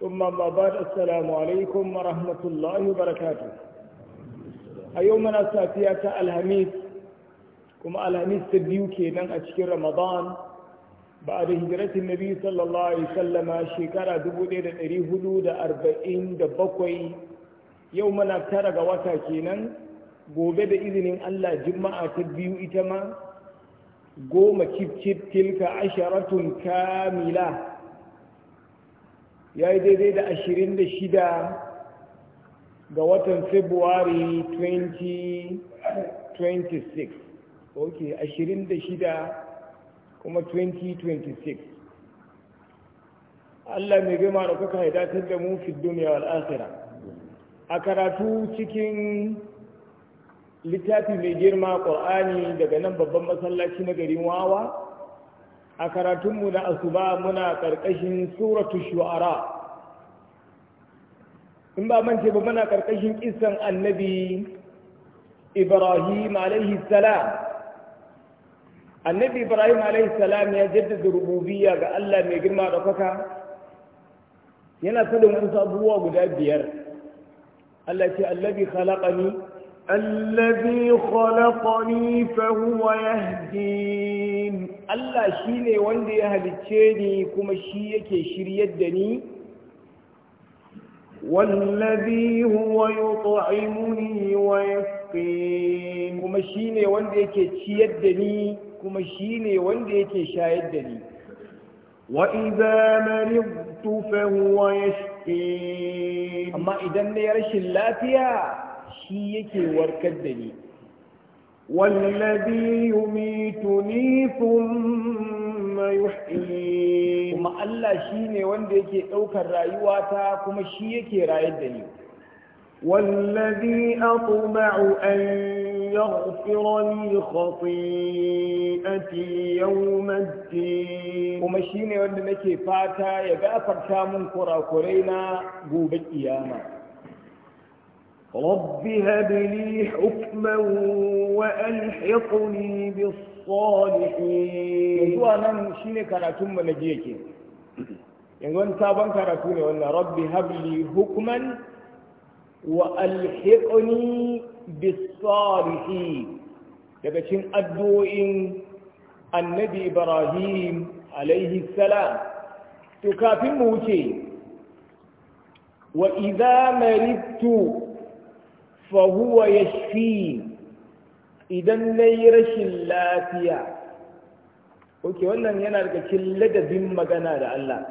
ثم ما بعد السلام عليكم ورحمة الله وبركاته أيومنا سافية الهميس كما الهميس تبيو كينان أشكر رمضان بعد هجرة النبي صلى الله عليه وسلم شكرا دبو دير الريه دود أربعين دبقوي يومنا ترق وطا كينان gobe da izinin Allah juma'a ta biyu ita ma goma cif cif tilka asharatun kamila ya yi daidai da 26 ga watan februari 2026 ok 26 kuma 2026 allah mai gama da kuka haidatar da mu fi duniya a karatu cikin littafi mai girma ƙwar'ani daga nan babban masallaci na garin wawa a karatunmu na asuba muna ƙarƙashin suratu shu'ara in ba mance ba muna ƙarƙashin kisan annabi ibrahim alaihi salam annabi ibrahim alaihi salam ya jaddada rububiya ga allah mai girma da kwaka yana sanin wasu abubuwa guda biyar allah ce allabi khalaqani الذي خلقني فهو يهدين الله ne wanda ya halicce ni kuma shi yake shiryar da ni wallazi huwa yut'imuni wa yasqin kuma ne wanda yake ciyar da ni kuma ne wanda yake shayar da ni wa idza maridtu fa huwa yashqin amma idan ne rashin lafiya shi yake warkar da ni wallazi yumituni thumma yuhyi kuma Allah shine wanda yake daukar rayuwata kuma shi yake rayar da ni wallazi atma'u an yaghfira li khati'ati yawm kuma shine wanda nake fata ya gafarta mun na gobe kiyama رب هب لي حكما وألحقني بالصالحين رب هب لي حكما وألحقني بالصالحين يبشن أدوئن النبي إبراهيم عليه السلام تكافي موتي وإذا مرضت فهو يشفي اذا لا يرشي اللاتيا اوكي ولن ينالك كل ما مغانا دا الله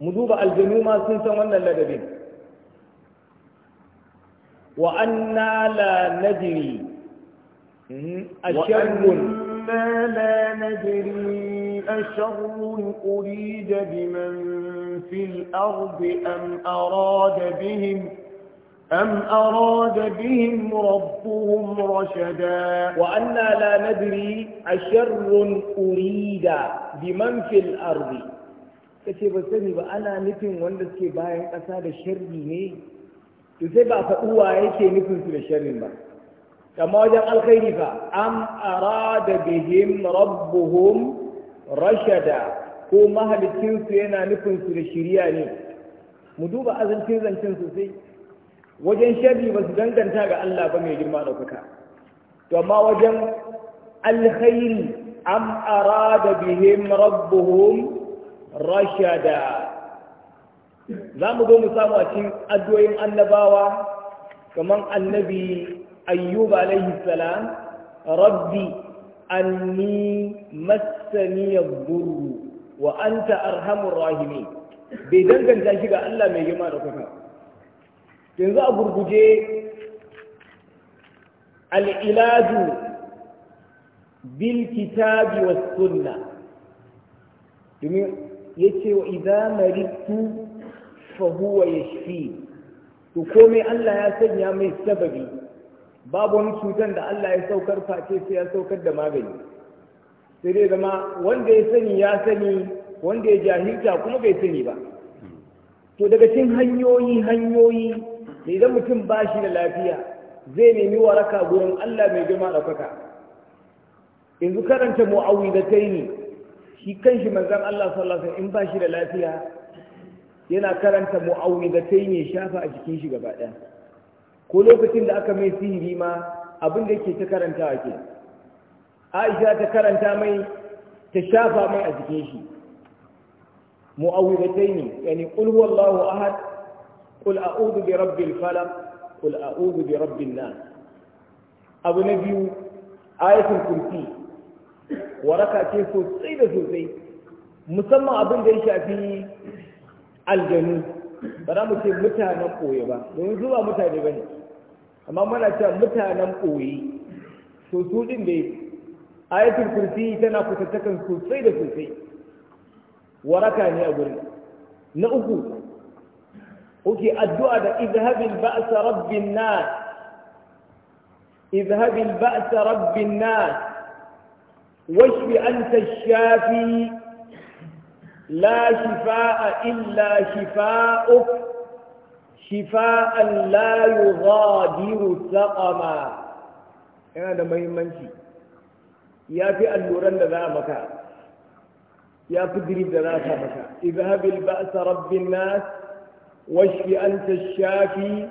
مذوب الجنو ما سنسان ولن لدبين وأنا لا ندري أشر وأنا لا ندري أشر أريد بمن في الأرض أم أراد بهم أم أراد بهم ربهم رشدا وأنا لا ندري أشر أريد بمن في الأرض kace ba sani ba ana nufin wanda suke bayan ƙasa da sharri ne to sai ba faɗi wa yake nufin su da sharrin ba kama wajen alkhairi fa am arada bihim rabbuhum rashada ko mahalicin su yana nufin su da shiriya ne mu duba azancin zancen sosai wajen sharri ba su danganta ga Allah ba mai girma ɗaukaka to amma wajen alkhairi am arada bihim rabbuhum rashada za mu zo mu samu a cikin addu'o'in annabawa kamar annabi ayyub alaihi salam rabbi anni massani yadurru wa anta arhamur rahimin bai danganta shi ga Allah mai girma da kuka yanzu a gurguje al'ilaju bil kitabi wa sunna domin ya ce wa idan su fahuwa ya shi to komai Allah ya sanya mai sababi babu wani cutar da Allah ya saukar face sai ya saukar da magani sai dai zama wanda ya sani ya sani wanda ya jahilta kuma bai sani ba to daga cin hanyoyi hanyoyi idan mutum ba shi da lafiya zai nemi waraka gurin Allah mai girma ɗaukaka yanzu karanta mu'awwidatai ne shi kanshi manzon Allah sallallahu alaihi wasallam in ba shi da lafiya yana karanta mu'awwidatai ne shafa a jikin shi gaba ɗaya ko lokacin da aka mai sihiri ma abin da yake ta karantawa ke Aisha ta karanta mai ta shafa mai a jikin shi mu'awwidatai ne yani qul huwallahu ahad kul a'udhu bi rabbil falaq kul a'udhu bi rabbin nas abu na biyu ayatul kursi waraka ce sosai da sosai musamman abin da ya shafi aljanu ba za mu ce mutanen ɓoye ba domin zuba mutane ba ne amma muna cewa mutanen ɓoye to su ɗin da ayatul kursi tana kusantakan sosai da sosai waraka ne a gurin na uku وكي الدعوة اذهب البأس رب الناس اذهب البأس رب الناس واشف أنت الشافي لا شفاء إلا شفاءك شفاء لا يغادر سقما هذا مهم شيء يا في اللورن ذا مكا يا في دريب ذا مكا اذهب البأس رب الناس washfi shafi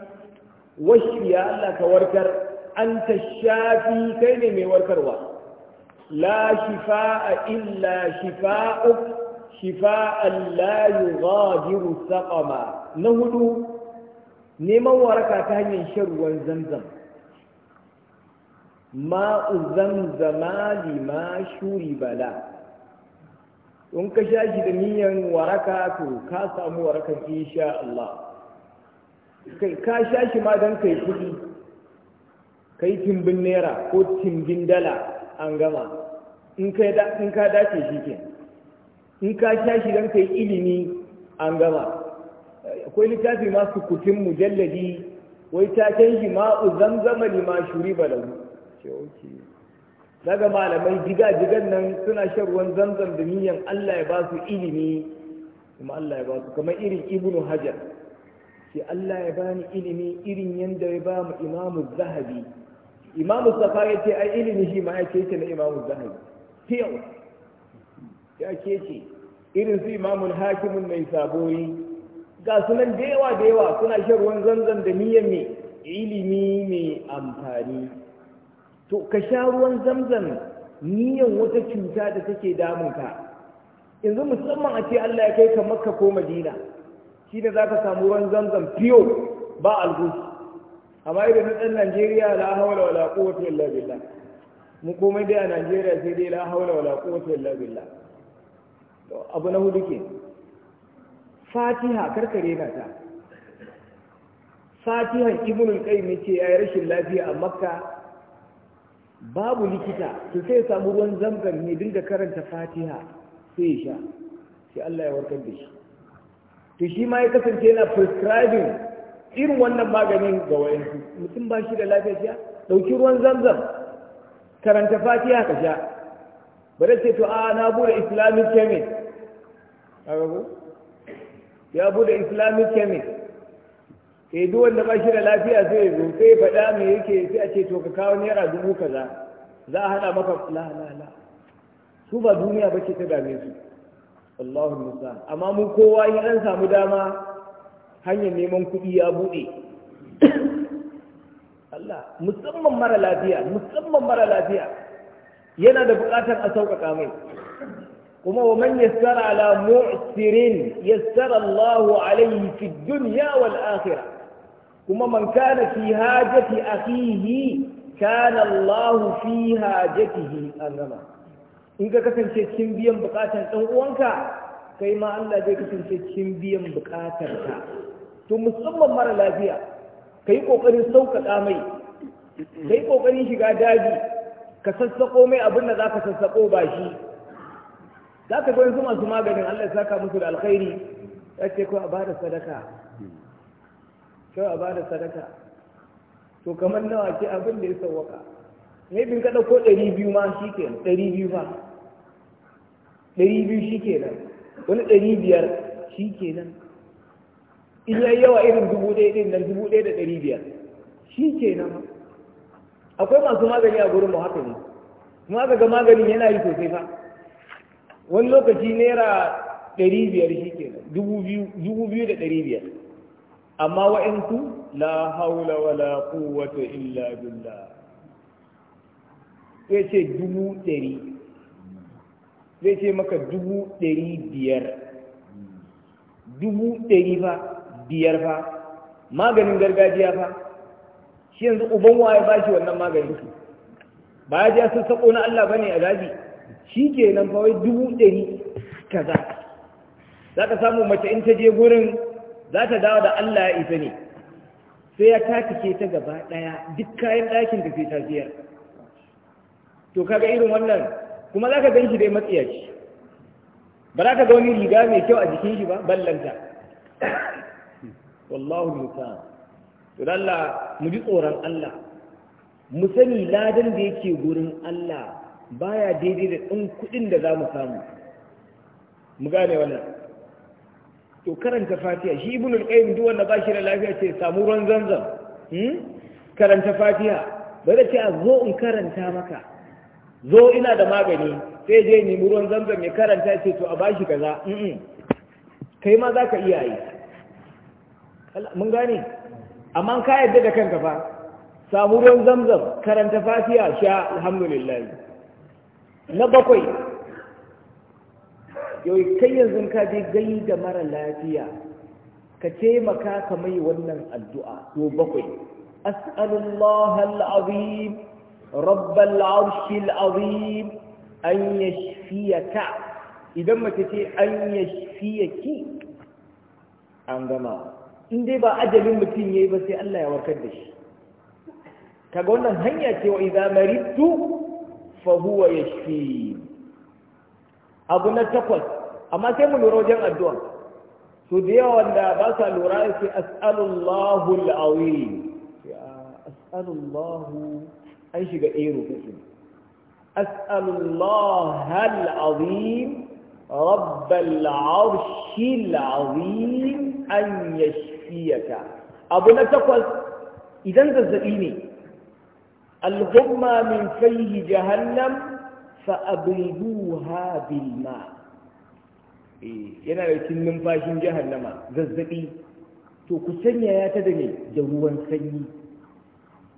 ya Allah ka warkar anta shafi kai ne mai warkarwa la shifa'a illa shifa'uk shifa'an la yughadiru saqama na hudu neman waraka ta hanyar shan ruwan zamzam ma'u zamzama lima shuri bala in ka sha shi da niyan waraka to ka samu warakan insha Allah ka sha shi ma don kai kuɗi kai timbin naira ko timbin dala an gama in ka dace shi ke in ka sha shi don kai ilimi an gama akwai littafi ma kutin mujalladi wai ta canji ma'u zamzama lima shuri balahu daga malamai jiga-jigan nan suna shan ruwan zamzam da niyan Allah ya ba su ilimi kuma Allah ya ba su kamar irin ibnu hajar ce Allah ya bani ilimi irin yadda ya ba mu imamu zahabi imamu safa ya ce ai ilimi shi ma ya ce na imamu zahabi fiyau ya ce ce irin su imamun hakimun mai saboyi ga nan da yawa da yawa suna shan ruwan zanzan da niyan mai ilimi mai amfani to ka sha ruwan zamzam niyan wata cuta da take damunka yanzu musamman a ce Allah ya kai ka makka ko madina shi ne za ka samu ruwan zamzam fiyo ba algus amma idan na ɗan najeriya la hawla wala quwwata illa billah mu komai dai a najeriya sai dai la hawla wala quwwata illa billah abu na hudu ke fatiha karkare na ta fatihan ibnul qayyim ce yayi rashin lafiya a makka babu likita to sai ya samu ruwan zamzam ne dinga karanta fatiha sai ya sha sai Allah ya warkar da shi to shi ma ya kasance yana prescribing irin wannan maganin ga wayansu mutum ba shi da lafiya ya dauki ruwan zamzam karanta fatiha ka sha bare ce to a na bude islamic chemist ya bude islamic chemist eh duk wanda ba shi da lafiya zai zo sai faɗa me yake sai a ce to ka kawo naira dubu kaza za a haɗa maka la la su ba duniya ba ce ta dame su musa amma mu kowa in an samu dama hanyar neman kuɗi ya buɗe Allah musamman mara lafiya musamman mara lafiya yana da buƙatar a sauƙaƙa mai kuma wa man yassara ala mu'sirin yassara Allahu alayhi fid dunya wal akhirah kuma man kana fi hajati akhihi kana Allah fi hajatihi an in ka kasance cikin biyan bukatan dan uwanka kai ma Allah zai kasance cikin biyan bukatarka to musamman mara lafiya kai kokarin sauƙaƙa mai kai kokarin shiga daji ka sassako mai abin da zaka sassako ba shi zaka ga yanzu masu maganin Allah ya saka musu da alkhairi yace ko a bada sadaka kawai a bada sadaka to kamar nawa ke abin da ya sauwaka ne bin ka ko ɗari biyu ma shi ke ɗari biyu ma ɗari biyu shi ke nan wani ɗari biyar shi ke nan in yawa irin dubu ɗaya ɗin nan dubu ɗaya da ɗari biyar shi ke nan akwai masu magani a gurin mu haka ne kuma aka ga maganin yana yi sosai fa wani lokaci naira ɗari biyar shi ke nan dubu biyu da ɗari biyar amma wa'inku la haula wala quwwata illa billah zai ce dubu ɗari zai ce maka dubu ɗari biyar dubu ɗari fa biyar fa maganin gargajiya fa shi yanzu uban waye ba shi wannan maganin su ba ya ji sako na Allah bane a daji shi ke nan fa wai dubu ɗari kaza za ka samu mace in ta je gurin za ta dawo da Allah ya isa ne sai ya ke ta gaba ɗaya duk kayan ɗakin da sai ta to kaga irin wannan kuma za ka gan shi dai matsiyaci ba za ka ga wani riga mai kyau a jikin shi ba ballanta wallahu musa to Allah mu ji tsoron Allah mu sani ladan da yake gurin Allah baya daidai da ɗin kuɗin da za mu samu mu gane wannan to karanta fatiha shi ibn al-qayyim duk wanda ba shi da lafiya ce samu ruwan zanzam hmm? karanta fatiha bari ce a zo in karanta maka zo ina da magani sai je mu ruwan zanzam ya karanta ce to a bashi kaza hmm. kai ma zaka iya yi mun gane amma ka yadda da kanka fa samu ruwan zamzam karanta fatiha sha alhamdulillah na bakwai yau kai yanzu ka je gai da mara lafiya ka taimaka ka mai wannan addu'a to bakwai as'alullah al'azim rabbal arshil azim an yashfiyaka idan mace ce an yashfiyaki an gama in dai ba ajalin mutum yayi ba sai Allah ya warkar da shi kaga wannan hanya ce wa idza maridtu fa huwa yashfi abu na takwas amma sai mu lura wajen addu'a to da yawa wanda ba sa lura yake as'alullahu al'awim as'alullahu an shiga ɗaya rubutu as'alullahu ero kuku as'alullaha al'azim رب العرش العظيم أن يشفيك أبو نتقل إذا انت الزئيني الغمى min فيه jahannam fa'abriduha bil ma eh, yana da cikin numfashin jahannama zazzabi to ku sanya ya ta da ne da ruwan sanyi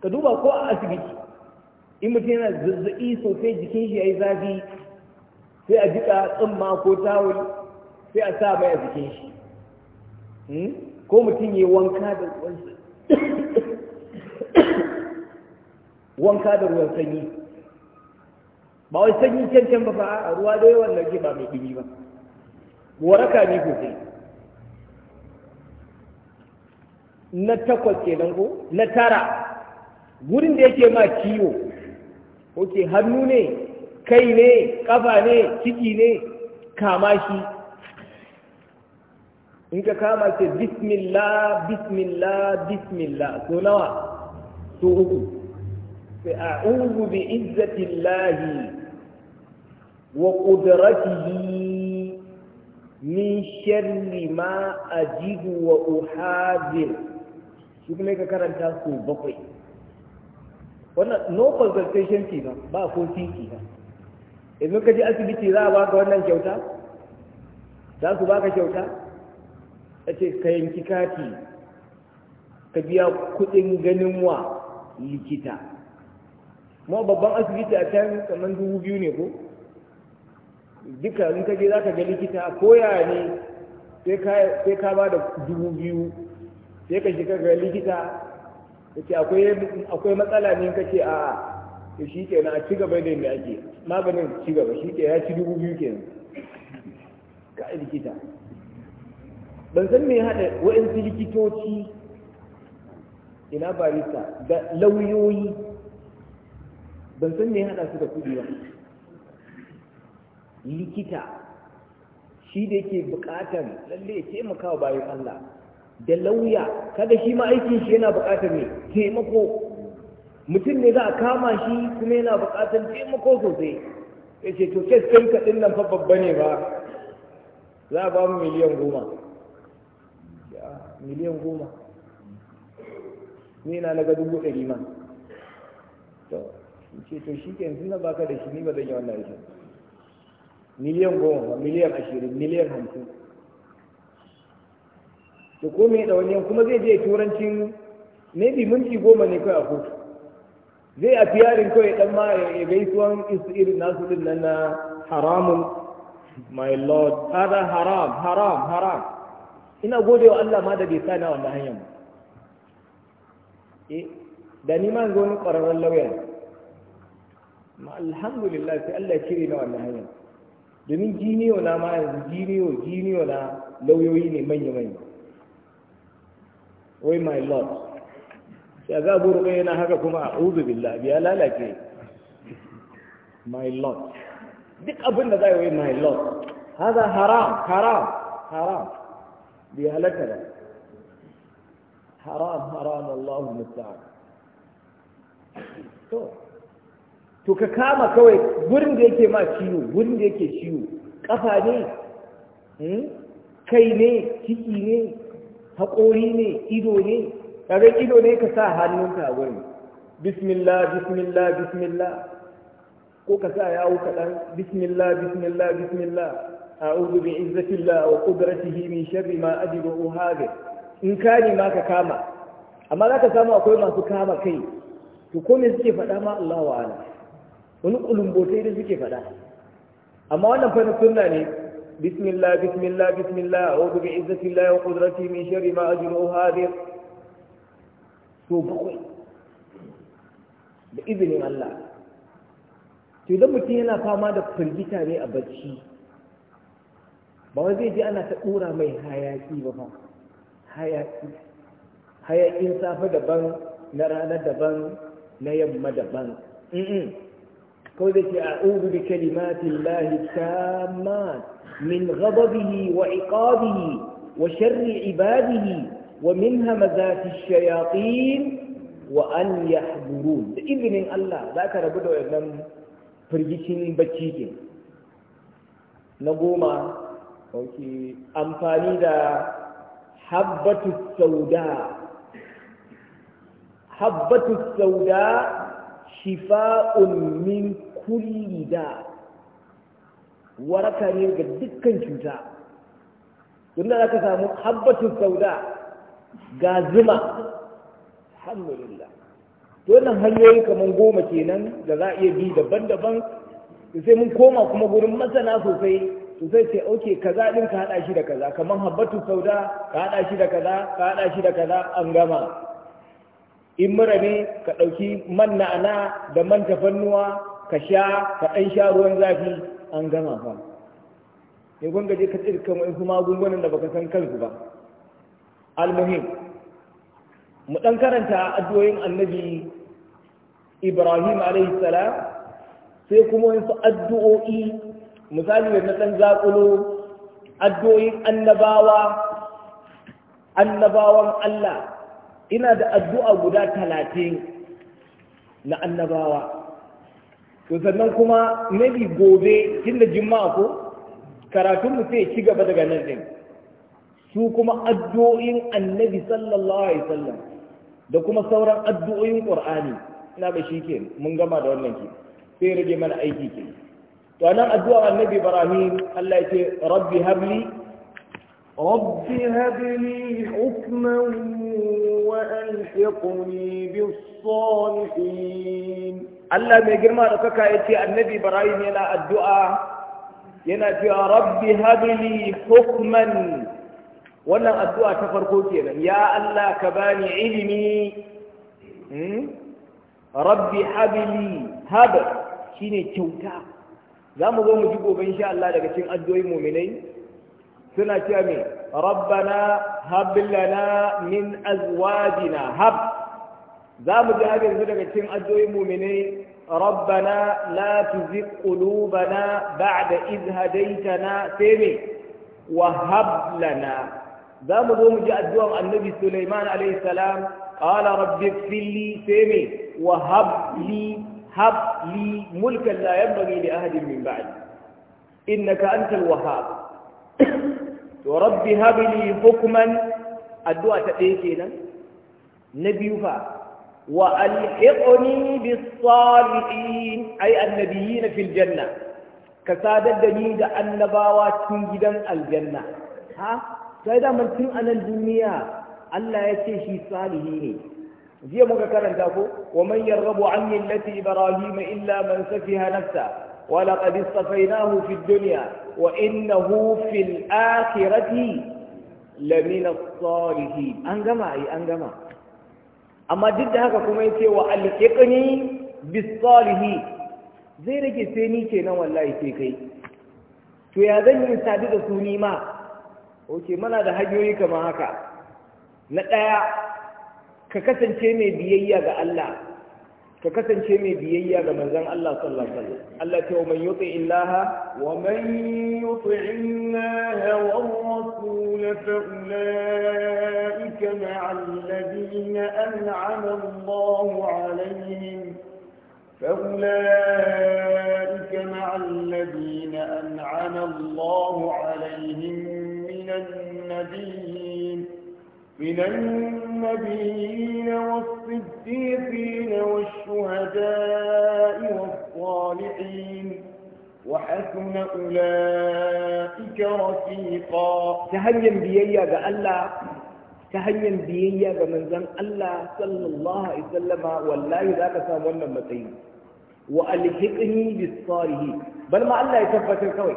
ka duba ko a asibiti in mutum yana zazzabi sosai jikin shi ya yi zafi sai a jika tsumma ko tawul sai a sa mai a jikin shi hmm? ko mutum ya wanka da ruwan sanyi ba wai sanyi cancan ba fa a ruwa da yawan nan ba mai dumi ba waraka ne sai. na takwas kenan ko na tara gurin da yake ma ciwo oke hannu ne kai ne kafa ne ciki ne kama shi in ka kama ce bismillah bismillah bismillah so nawa so uku أعوذ بعزة الله وقدرته من شر ما أجد وأحاذر شو كما karanta سو بقي wannan no consultation ke ba ba ko tiki ba idan ka asibiti za a baka wannan kyauta za su baka kyauta a ka yanki kati ka biya kuɗin ganin wa likita kuma babban asibiti a can kamar dubu biyu ne ko duka in ka je za ka ga likita koya ne sai ka ba da dubu biyu sai ka shiga ga likita ya ce akwai matsala ne ka ce a, to shi na a ci gaba da yadda ake maganin ci gaba shi ke ya ci dubu biyu kenan ka likita ban san me haɗa wa'yansu likitoci ina barista da lauyoyi ban san me ya haɗa su da kudi ba likita shi da yake buƙatar lalle ya taimaka wa bayan Allah da lauya kada shi ma aikin shi yana buƙatar ne taimako mutum ne za a kama shi kuma yana buƙatar taimako sosai ya ce to kes ɗin kaɗin nan fa babba ne ba za a ba mu miliyan goma miliyan goma ni na na ga dubu ɗari ma ce to shi ke yanzu na baka da shi ni ba zan yi wannan aikin miliyan goma miliyan ashirin miliyan hamsin to ko me wani ɗawainiyan kuma zai je turancin bi minti goma ne kawai a kotu zai a fiyarin kawai dan ma ya gaisuwan irin nasu din nan na haramun my lord hada haram haram haram ina gode wa Allah ma da bai sani wannan hanyar ba eh da ni ma ga wani ƙwararren ne ma alhamdulillah sai Allah ya cire ni wannan hanyar domin jiniyo na ma yanzu jiniyo jiniyo na lauyoyi ne manya-manya wai my lord sai ga burbe yana haka kuma a uzu billah biya lalace my lord duk abin da zai wai my lord hada haram haram haram bi halaka da haram haram Allahu musta'an to to ka kama kawai gurin da yake ma ciwo gurin da yake ciwo kafa ne hmm? kai ne ciki ne haƙori ne ido ne kaga ido ne ka sa hannunka wurin, bismillah bismillah bismillah ko ka sa yawo kaɗan bismillah bismillah bismillah a'udhu bi izzatillah wa qudratihi min sharri ma adibu hadir in ka ne ma ka kama amma za ka samu akwai masu kama kai to ko me suke faɗa ma Allah wa'ala wani ƙulumbotai da suke faɗa amma wannan fara suna ne bismillah bismillah bismillah a'udhu bi izzatillahi wa ƙudurati mai shari ma ajruhu hadir to bakwai da izinin Allah to don mutum yana fama da firgita ne a bacci ba wai zai je ana ta ɗora mai hayaki ba ba, hayaki hayakin safa daban na rana daban na yamma daban قولت أعوذ بكلمات الله التامات من غضبه وعقابه وشر عباده ومن همزات الشياطين وأن يحضرون بإذن الله ذاك ربنا وإذن firgicin bacci ke na goma amfani da حبة السوداء حبة السوداء شفاء من kulli da waraka ne ga dukkan cuta inda za ka samu habbatun sauda ga zuma alhamdulillah to wannan hanyoyi kamar goma kenan da za a iya bi daban-daban sai mun koma kuma gurin masana sosai sosai sai oke kaza din ka hada shi da kaza kamar habbatu sauda ka hada shi da kaza ka hada shi da kaza an gama in mura ne ka ɗauki man na'ana da man tafannuwa ka sha ka ɗan sha ruwan zafi an gama fa ya gwanga je ka tsirka wa'insu magungunan da baka san kansu ba almuhim mu ɗan karanta addu'o'in annabi ibrahim alaihi salam sai kuma wasu addu'o'i misali da na ɗan zaƙulo addu'o'in annabawa annabawan allah ina da addu'a guda talatin na annabawa to sannan kuma nabi gobe tun da juma'a ko karatunmu sai ci gaba daga nan ɗin. su kuma addu'o'in annabi sallallahu alaihi wasallam da kuma sauran addu'o'in qur'ani ina ba shi ke mun gama da wannan ke sai rage mana aiki ke to nan addu'a annabi ibrahim Allah ya ce rabbi habli رب هب لي حكما وألحقني بالصالحين Allah mai girma da kaka ya ce annabi Ibrahim yana addu'a yana cewa rabbi Habili hukman wannan addu'a ta farko kenan ya Allah ka bani ilimi hmm? rabbi habli hab shine kyauta za mu zo mu ji gobe insha Allah daga cikin addu'o'in mu'minai suna cewa me rabbana hab min azwajina hab za mu ji har yanzu daga cikin addu'o'in muminai rabbana la tuzigh qulubana ba'da idh hadaytana sai me wa hab lana za mu zo mu ji addu'ar annabi Sulaiman alayhi salam qala rabbi fili sai me wa hab li hab li mulkan la yanbaghi li ahadin min ba'di innaka antal wahhab to rabbi hab li hukman addu'a ta ɗaya kenan na biyu fa وألحقني بالصالحين أي النبيين في الجنة كسادة دنيد النباوات تنجدا الجنة ها سيدا من تن أنا الدنيا ألا يتشي صالحين زي ما كان ومن يرغب عن ملة إبراهيم إلا من سفه نفسه ولقد اصطفيناه في الدنيا وإنه في الآخرة لمن الصالحين أنجمع أي أنجمع amma duk da haka kuma yace wa alhiqni bis salihi zai rage sai ni kenan wallahi sai kai to ya zan yi sadu da su ni ma oke muna da hanyoyi kamar haka na ɗaya ka kasance mai biyayya ga Allah ka kasance mai biyayya ga manzon Allah sallallahu alaihi wasallam Allah ce wa man yuti illaha wa man yuti illaha wa rasul fa ulaika ma'a alladhina an'ama Allahu alaihim fa فأولئك مع الذين an'ama الله alaihim minan النبيين من النبيين والصديقين والشهداء والصالحين وحسن أولئك رفيقا تهيا بيئة بألا تهيا بيئة بمن زن الله صلى الله عليه وسلم والله ذاك سامونا متين وألحقني بالصالحين بل ما الله يتفتر كوي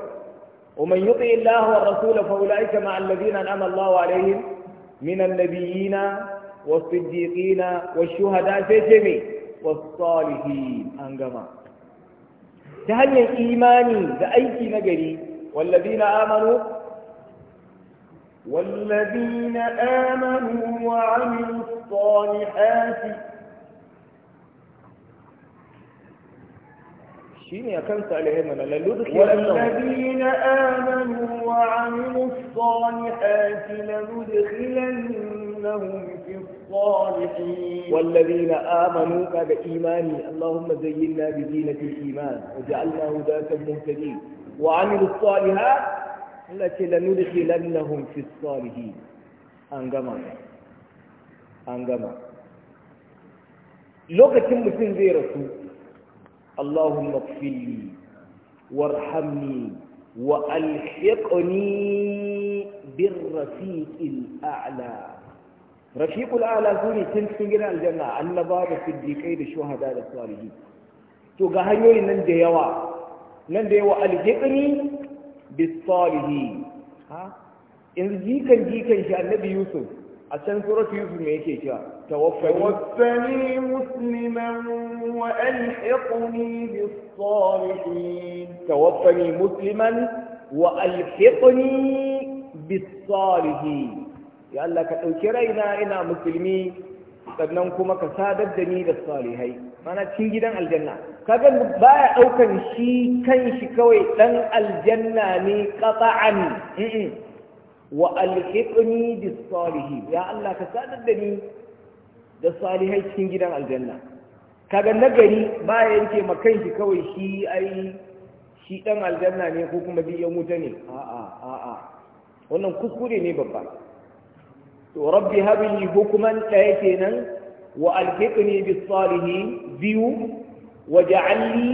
ومن يطع الله والرسول فأولئك مع الذين أنعم الله عليهم من النبيين والصديقين والشهداء سيتمي والصالحين أنقما تهني إيماني لأيك نقري والذين آمنوا والذين آمنوا وعملوا الصالحات shine akan salihai mana lallu والذين آمنوا وعملوا الصالحات amilus salihati الصالحين والذين آمنوا بعد إيماني اللهم زينا بزينة الإيمان وجعلنا هداة المهتدين وعملوا الصالحات التي لندخلنهم في الصالحين أنجما أنجما كنت مسلم زي رسول اللهم اغفر لي وارحمني وألحقني بالرفيق الأعلى رفيق الأعلى سوني da الجنة النباب في الديكين الشهداء الصالحين to ga hanyoyin nan da yawa nan da yawa aljiƙini bisalihi ha in jikan jikan shi annabi yusuf a can suratu yusuf me yake cewa توفني توفني مسلما وألحقني بالصالحين توفني مسلما وألحقني بالصالحين ya Allah ka ɗauki raina ina musulmi sannan kuma ka sadar da ni da salihai mana cikin gidan aljanna kaga baya ɗaukan shi kan shi kawai ɗan aljanna ne qata'an wa alhiqni bis salihin ya Allah ka sadar da ni da salihai cikin gidan aljanna kaga nagari ba ya yanke ma kanshi kawai shi ai shi dan aljanna ne ko kuma bi yan wuta ne a'a a'a wannan kuskure ne babba to rabbi habli hukman daya kenan wa alhiqni bis salihin biyu waj'alni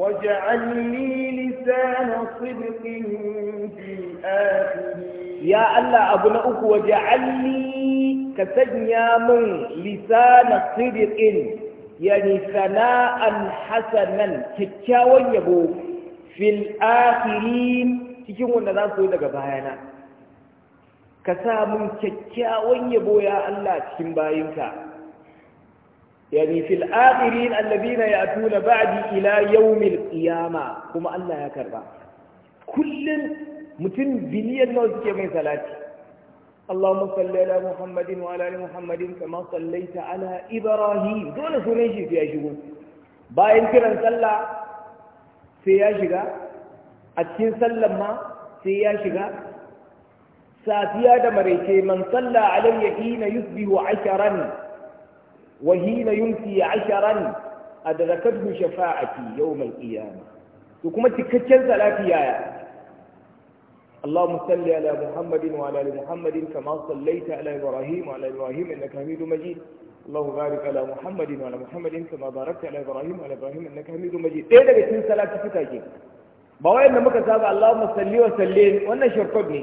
waj'alni lisana sidqin fi akhirin ya Allah abu na uku waje alli ka sanya min lisana sidiqin yani sana'an hasanan kyakkyawan yabo fil akhirin cikin wanda za su yi daga bayana ka sa min kyakkyawan yabo ya Allah cikin bayinka yani fil akhirin tuna ya'tuna ba'di ila yawmil qiyama kuma Allah ya karba kullun mutum biliyan nawa suke mai salati Allahumma salli Muhammadin wa ala Muhammadin kama sallaita ala Ibrahim dole sunan shi ya shigo bayan kiran sallah sai ya shiga a cikin sallan ma sai ya shiga safiya da maraice man salla alayya hina yusbihu asharan wa hina yumsi asharan adrakathu shafa'ati yawm al-qiyamah to kuma cikakken salati yaya اللهم صل على محمد وعلى ال محمد كما صليت على ابراهيم وعلى ابراهيم انك حميد مجيد اللهم بارك على محمد وعلى محمد كما باركت على ابراهيم وعلى ابراهيم انك حميد مجيد ايه daga cikin salati suka ke ba wayan da muka saba Allahumma salli wa wannan shortcut ne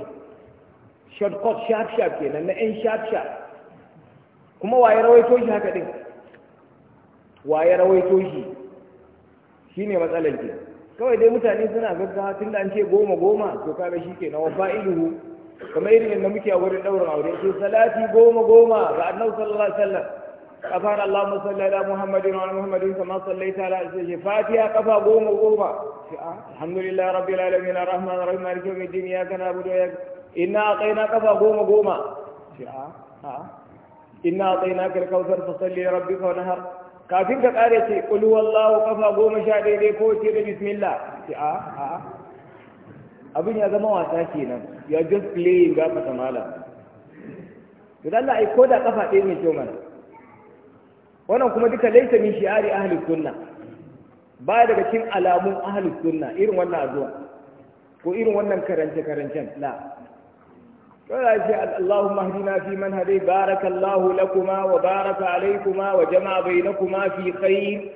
shortcut sharp sharp kenan na in sharp sharp kuma waye rawaito shi haka din waye rawaito shi shine matsalar kenan kawai dai mutane suna gaggawa tun da an ce goma goma to kaga shi ke na wafa iluhu kamar irin yadda muke a wurin ɗaurin aure ce salati goma goma ga annabi sallallahu alaihi wasallam kafar Allah musalla ala Muhammadin wa Muhammadin kama sallaita ala sai Fatiha kafa goma goma ah, alhamdulillah rabbil alamin arrahman arrahim maliki yawmid din ya kana budo ya inna aqaina kafa goma goma ah, ah. inna aqaina kal kawthar fasalli rabbika wa nahar kafin ka kare ce ƙulu wallahu kafa goma sha daidai, dai ko ce da bismillah ce a a abin ya zama wasa kenan ya just playing ga fata mala to Allah ai koda kafa ɗaya mai kyau mana wannan kuma duka laita min shi'ari ahli sunna ba daga cikin alamun ahli sunna irin wannan azuwa ko irin wannan karance karancen la فلا اللهم اهدنا فيمن هديت بارك الله لكما وبارك عليكما وجمع بينكما في خير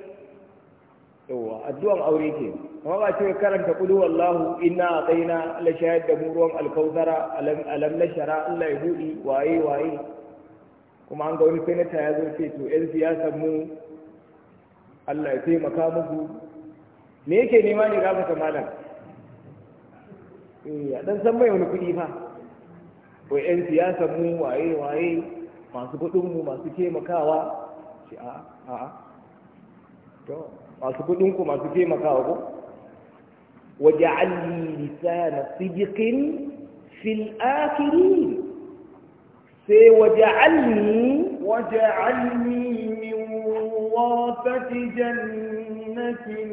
yawa addu'an aure ke amma ba ce karanta kudu wallahu inna ataina la shahid da ruwan alkautara alam na shara Allah ya hudi waye waye kuma an ga wani senator ya zo ce to yan siyasar mu Allah ya taimaka muku me yake nema ne ga masa malam eh dan san mai wani kudi fa ko 'yan siyasar mu waye waye masu mu masu taimakawa shi a a to masu ku masu taimakawa ko waje alli lisana sidikin fil akhirin sai waje alli waje alli min warafati jannatin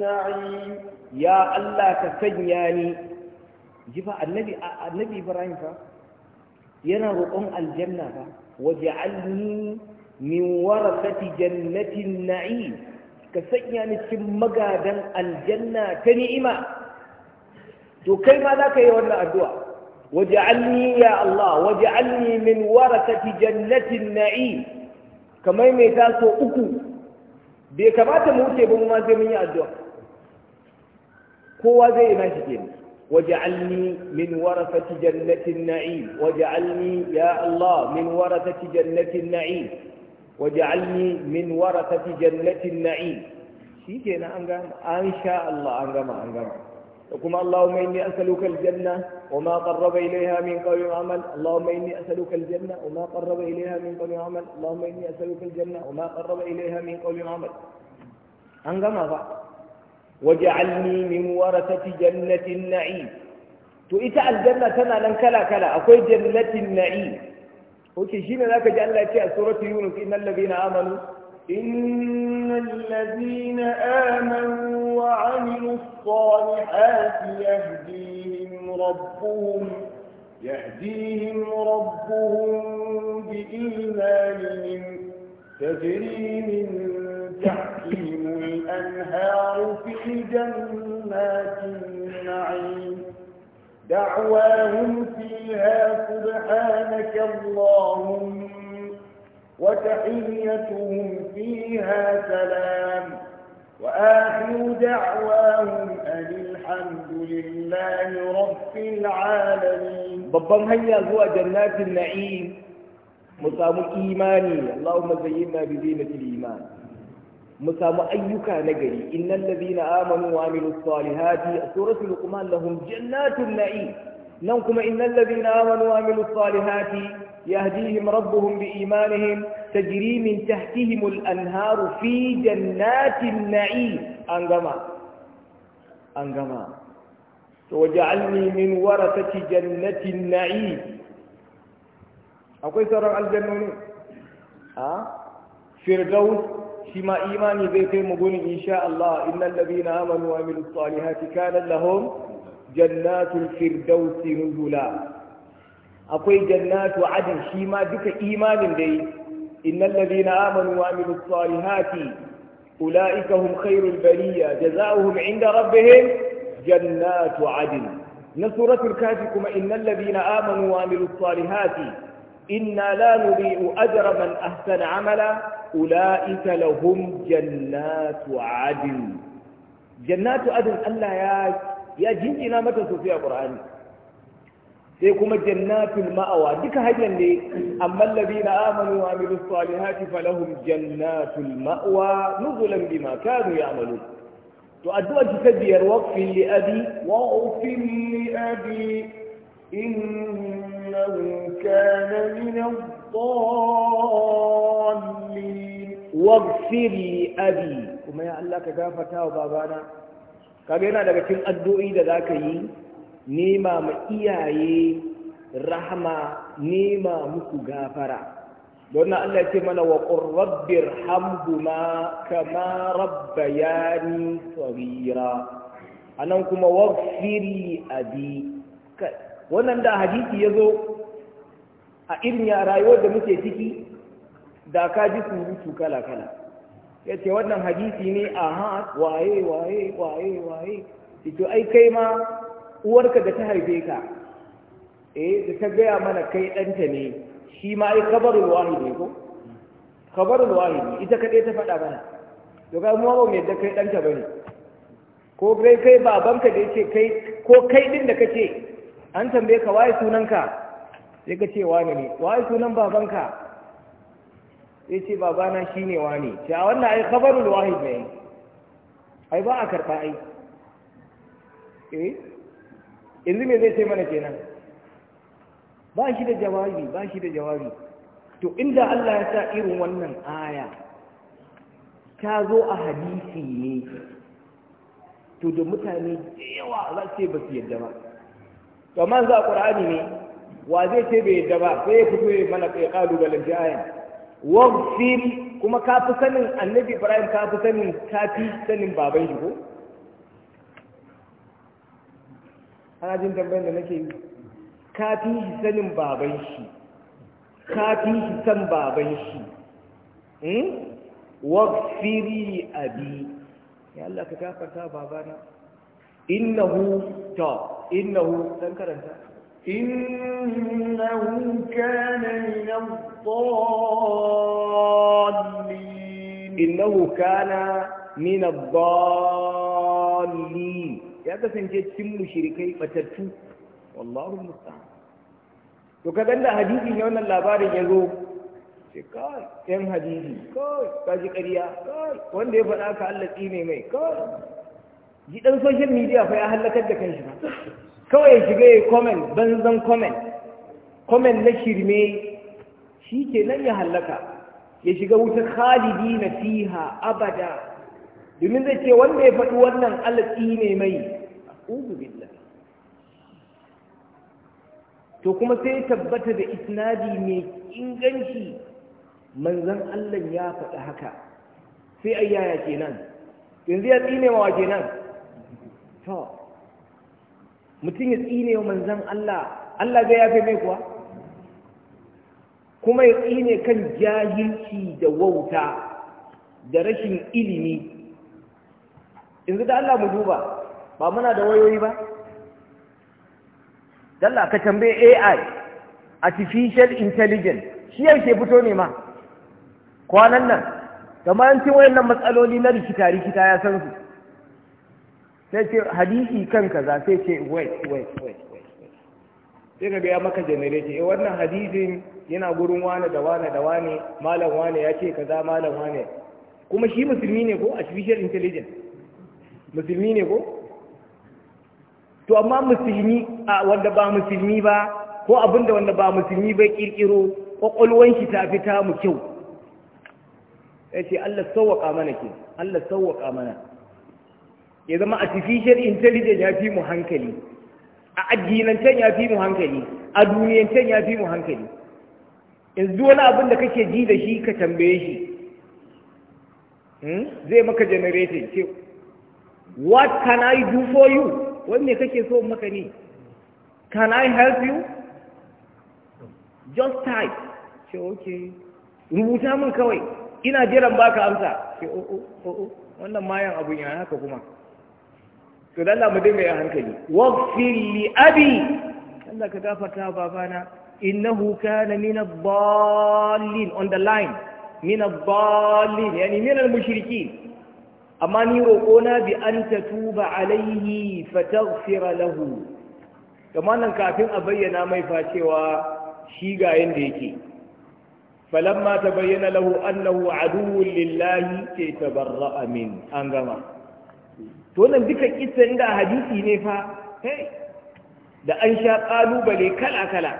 na'im ya Allah ka sanya ni ji annabi annabi Ibrahim fa yana roƙon aljanna ba waj'alni min warasati jannatin na'im ka sanya ni cikin magadan aljanna ta ni'ima to kai ma za ka yi wannan addu'a waj'alni ya Allah waj'alni min warasati jannatin nai kamar mai taso uku bai kamata mu wuce ba mu ma sai mun yi addu'a kowa zai yi nashi kenan واجعلني من ورثة جنة النعيم واجعلني يا الله من ورثة جنة النعيم واجعلني من ورثة جنة النعيم شيكينا أنغام إن شاء الله أنغام أنغام وكما اللهم إني أسألك الجنة وما قرب إليها من قول عمل اللهم إني أسألك الجنة وما قرب إليها من قول عمل اللهم إني أسألك الجنة وما قرب إليها من قول عمل أنغام أنقام وجعلني من ورثة جنة النعيم تؤيت الجنة سنة لن كلا كلا أقول جنة النعيم وكي شين ذاك جاء الله في سورة يونس إن الذين آمنوا إن الذين آمنوا وعملوا الصالحات يهديهم ربهم يهديهم ربهم بإيمانهم تجري من تحكيم الأنهار في جنات النعيم دعواهم فيها سبحانك اللهم وتحيتهم فيها سلام وآخر دعواهم أن الحمد لله رب العالمين ببن هيا هو جنات النعيم mu samu imani Allahumma zayyinna bi zinatil iman mu samu ayyuka na gari innal ladhina amanu wa amilus salihati suratul luqman lahum jannatun na'im nan kuma innal ladhina amanu wa amilus salihati yahdihim rabbuhum bi imanihim tajri min tahtihim al anharu fi jannatin na'im an gama an gama to waj'alni min warasati jannatin na'im akwai sauran aljannoni a firdaus shi ma imani zai kai mu gurin insha Allah innal ladina amanu wa amilus salihati kana lahum jannatul firdaus nuzula akwai jannatu adin shi ma duka imanin dai innal ladina amanu wa amilus salihati ulaika hum khairul bariya jazaohum inda rabbihim jannatu adin na suratul kafi kuma innal ladina amanu wa amilus salihati إنا لا نضيء أجر من أحسن عملا أولئك لهم جنات عدن جنات عدن ألا يا يا جنج نامة في قرآن سيكون جنات المأوى ديك هاي جنلي أما الذين آمنوا وعملوا الصالحات فلهم جنات المأوى نزلا بما كانوا يعملون تؤدوا أجسد يروق في لأبي وأوفي لأبي إنه كان من الضالين ya لي أبي كما يا الله كغافتا وبابانا kaga yana daga cikin addu'i da za ka yi nema ma iyaye rahama nema muku gafara don na Allah ce mana wa rabbir hamduma kama rabbayani saghira anan kuma waghfir li abi wannan da hadisi ya zo a irin ya rayuwar da muke ciki da ka ji surutu kala-kala ya ce wannan hadisi ne a ha waye waye waye waye Ito ai kai ma uwarka da ta haife ka eh da ta gaya mana kai ɗanta ne shi ma ai wahi ne ko kabarul wahidi ita kaɗai ta faɗa mana to ga mu ba mu yadda kai ɗanta bane ko kai kai babanka da yake kai ko kai din da kace an tambaye ka waye sunanka sai ka ce wani ne waye sunan babanka sai ce babana shine wani ce a wannan ai khabarul wahid ne ai ba a karba ai eh yanzu me zai ce mana kenan ba shi da jawabi ba shi da jawabi to inda Allah ya sa irin wannan aya ta zo a hadisi ne to da mutane da yawa za su ce ba su yadda ba to man za qur'ani ne wa zai ce bai yadda ba sai ya fito mana kai kalubalen ayan waghfir kuma ka fi sanin annabi ibrahim ka fi sanin ka fi sanin baban shi ko ana jin tambayar da nake yi ka fi shi sanin baban shi ka fi shi san baban shi hmm? waghfiri abi ya Allah ka gafarta babana innahu ta إنه إنه كان من الضالين إنه كان من الضالين يا ده سنجد سم شركي فترتو والله المستعان وكذا الله حديثي يون اللابار يزو كاي كم حديثي كاي كاجي قريا كاي وان ده فلاك على الكيني مي كاي ji ɗan social media fa ya halakar da kanshi ba kawai ya shiga ya comment banzan comment comment na shirme shi ke nan ya halaka ya shiga wuta khalidi na fiha abada domin zai ce wanda ya faɗi wannan alatsi ne mai uzu to kuma sai tabbata da isnadi mai inganci manzan Allah ya faɗi haka sai ayyaya kenan yanzu ya tsine mawa kenan to mutum ya tsine wa manzan Allah Allah zai yafe mai kuwa kuma ya tsine kan jahilci da wauta da rashin ilimi yanzu da Allah mu duba ba muna da wayoyi ba dalla ka tambaye AI artificial intelligence shi yake fito ne ma kwanan nan kamar yancin wayannan matsaloli na rikita rikita ya san su sai ce hadisi kan kaza sai ce wait wait wait sai ga ya maka janarece eh wannan hadisin yana gurin wane da wane da wane malam wane ya ce kaza malam wane kuma shi musulmi ne ko artificial intelligence musulmi ne ko to amma musulmi a wanda ba musulmi ba ko abinda wanda ba musulmi bai kirkiro kwakwalwan shi ta fita mu kyau ya ce Allah sauwaka mana ke Allah sauwaka mana ya zama artificial intelligence ya fi mu hankali a addinancen ya fi mu hankali a duniyancen ya fi mu hankali yanzu wani abin da kake ji da shi ka tambaye shi hmm? zai maka generating ce what can I do for you wanne kake so maka ne can I help you just type ce okay rubuta min kawai ina jiran baka amsa ce o o o wannan mayan abun yana haka kuma to dan Allah mu dinga yin hankali waghfir li abi Allah ka gafarta babana innahu kana min ad-dallin on the line min ad-dallin yani min al-mushrikin amma ni roƙona bi an tatuba alaihi fataghfira lahu kamar nan kafin a bayyana mai facewa shi ga yanda yake falamma tabayyana lahu annahu aduwwun lillahi ke tabarra'a min an gama to wannan duka kissa inda hadisi ne fa hey da an sha kalubale kala kala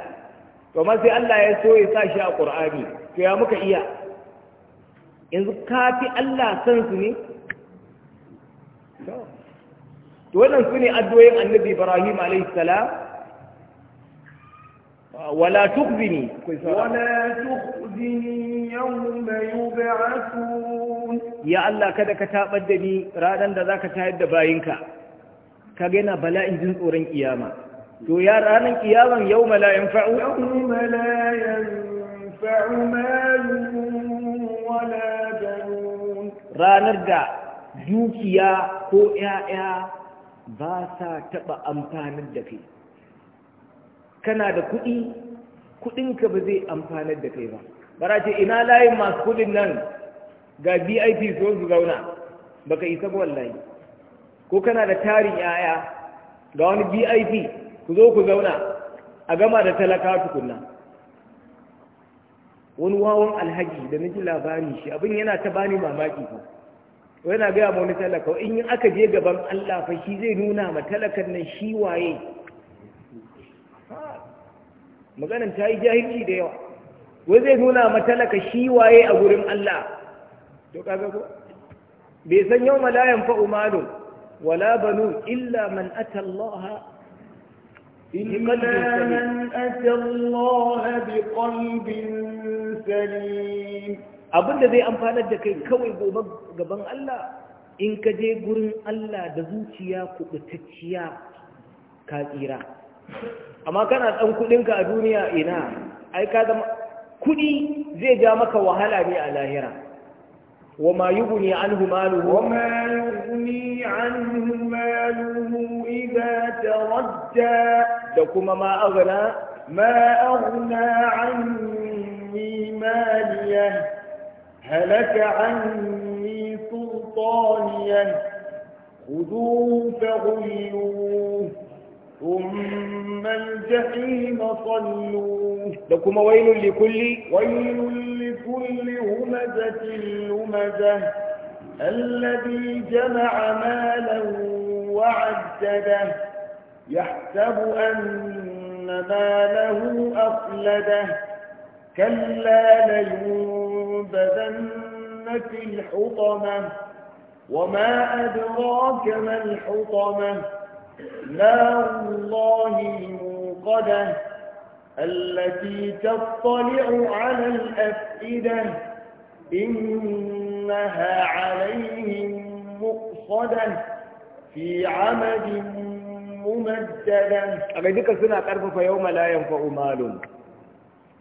to ma sai Allah ya so ya sa shi a Qur'ani to ya muka iya yanzu ka fi Allah san su ne to wannan su ne addu'o'in Annabi Ibrahim alaihi salam ولا تخزني ولا تخزني يوم يبعثون يا الله كذا كتابت دني رادن da zaka tayar da bayinka ka yana bala'in jin tsoron kiyama to ya ranan kiyaman yawma la yanfa'u yawma la yanfa'u malun wala banun ranar da dukiya ko 'ya'ya ba sa taba amfanin da kai kana da kuɗi kuɗinka ba zai amfanar da kai ba bara ce ina layin masu kuɗin nan ga vip so su zauna baka isa ba wallahi ko kana da tarin yaya ga wani vip ku zo ku zauna a gama da talaka tukunna wani wawan alhaji da ji labari shi abin yana ta bani mamaki ko. yana gaya ma wani talaka in aka je gaban Allah fa shi zai nuna ma talakan nan shi waye maganan ta yi jahilci da yawa wai zai nuna matalaka shi waye a gurin Allah to kaga ko bai san yau malayan fa'u malu wala banu illa man ata Allah إلا من أتى الله بقلب سليم abin da zai amfanar da kai kawai gobe gaban Allah in ka je gurin Allah da zuciya kuɓutacciya ka tsira amma kana ɗan kuɗinka a duniya ina ai ka zama kuɗi zai ja maka wahala ne a lahira wa ma yughni anhu maluhu wa ma yughni anhu maluhu idza taradda da kuma ma aghna ma aghna anni maliya halaka anni sultaniya fa فغلوه ثم الجحيم صلوه لكم ويل لكل ويل لكل همزة لمزة الذي جمع مالا وعدده يحسب أن ماله أخلده كلا لينبذن في الحطمة وما أدراك ما الحطمة نار الله الموقدة التي تطلع على الأفئدة إنها عليهم مؤصدة في عمد ممددة أما ذكر سنة أرفف يوم لا ينفع مال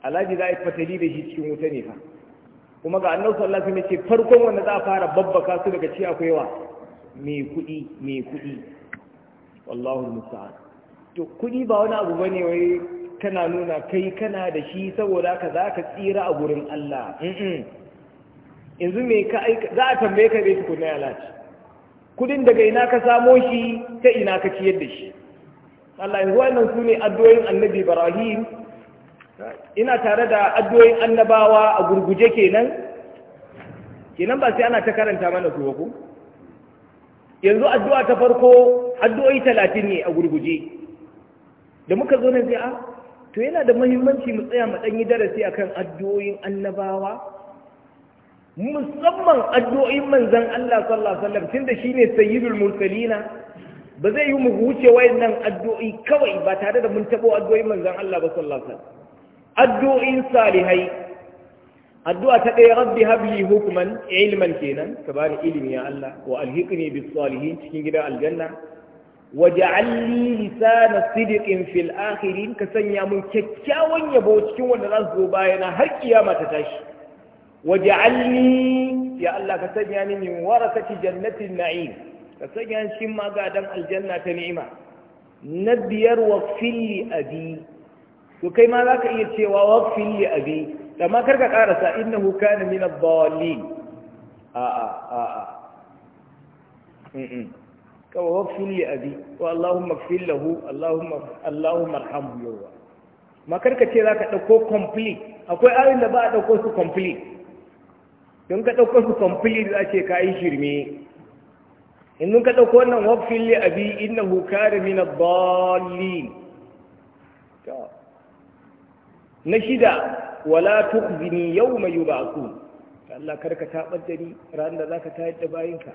alhaji za a yi fatali da shi wuta ne fa kuma ga annabi sallallahu alaihi wasallam ce farkon wanda za a fara babbaka su daga ci akwai wa mai kuɗi mai kuɗi wallahu musta'an to kudi ba wani abu bane wai kana nuna kai kana da shi saboda ka za ka tsira a gurin Allah yanzu me ka aika za a tambaye ka dai tukuna ya lalace kudin daga ina ka samo shi ta ina ka ciyar da shi Allah yanzu wannan sune addu'o'in annabi Ibrahim ina tare da addu'o'in annabawa a gurguje kenan kenan ba sai ana ta karanta mana ba ku? yanzu addu'a ta farko addu'o'i talatin ne a gurguje da muka zo na sai ah, to yana da mahimmanci mu tsaya mu ɗanyi darasi akan addu'o'in annabawa musamman addu'o'in manzan Allah sallallahu alaihi da tunda shine sayyidul mursalina ba zai yi mu huce wayannan addu'o'i kawai ba tare da mun tabo addu'o'in manzan Allah ba sallallahu alaihi wasallam addu'o'in salihai addu'a ta ɗaya rabbi habli hukuman ilman kenan ka bani ilimi ya Allah wa alhiqni bis salihin cikin gida aljanna wa ja'alni lisana sidqin fil akhirin ka sanya mun kyakkyawan yabo cikin wanda za su zo bayana har kiyama ta tashi wa ja'alni ya Allah ka sanya ni min warasati jannatin na'im ka sanya ni cikin magadan aljanna ta ni'ima na biyar wa filli abi to kai ma za ka iya cewa wa filli abi amma karka karasa innahu kana min ad-dallin a a a a kawa waqfil li abi wa allahumma ighfir lahu allahumma allahumma arhamhu yawa ma karka ce zaka dauko complete akwai ayin da ba a dauko su complete don ka dauko su complete za ce ka yi shirme in ka dauko wannan waqfil li abi innahu kana min ad-dallin na shida wala tukhzini yawma yub'athun Allah karka tabar da ni ran da zaka tayar da bayinka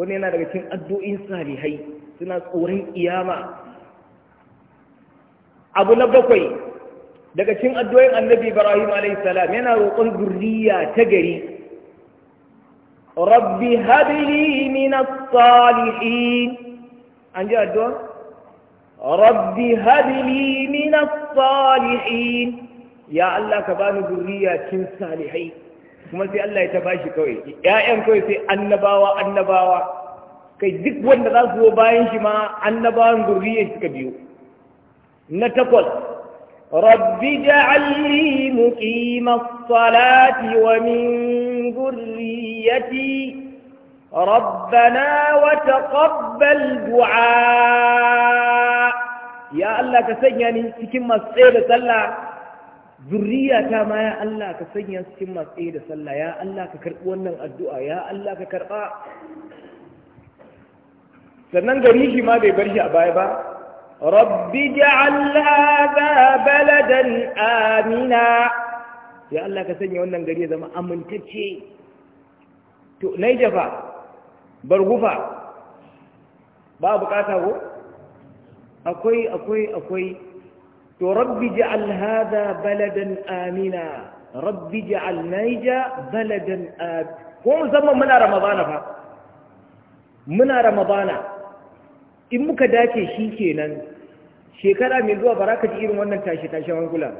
wani yana daga cikin addu'o'in salihai suna tsoron iyama abu na bakwai daga cikin addu'o'in annabi Ibrahim alayhi salam yana roƙon zurriya ta gari rabbi habli min as-salihin an ji addu'a rabbi habli min as-salihin ya Allah ka bani zuriya cin salihai kuma sai Allah ya ta bashi kawai ƴaƴan kawai sai annabawa annabawa kai duk wanda za su zo bayan shi ma annabawan zuriya suka biyo na takwas rabbi ja'alni muqima salati wa min zurriyati ربنا وتقبل دعاء يا الله كسنيني cikin masu tsaye da sallah ta ma ya Allah ka sanya cikin masu tsaye da sallah ya Allah ka karɓi wannan addu'a ya Allah ka karɓa sannan gari shi ma bai bar shi a baya ba rabbi ja'al hadha baladan amina ya Allah ka sanya wannan gari ya zama amintacce to jafa, bar gufa, ba bukata ko akwai akwai akwai to rabbi ja'al hadha baladan amina rabbi ja'al naija baladan ko zama muna ramadana fa muna ramadana in muka dace shi kenan shekara mai zuwa ba ka ji irin wannan tashi tashen hankula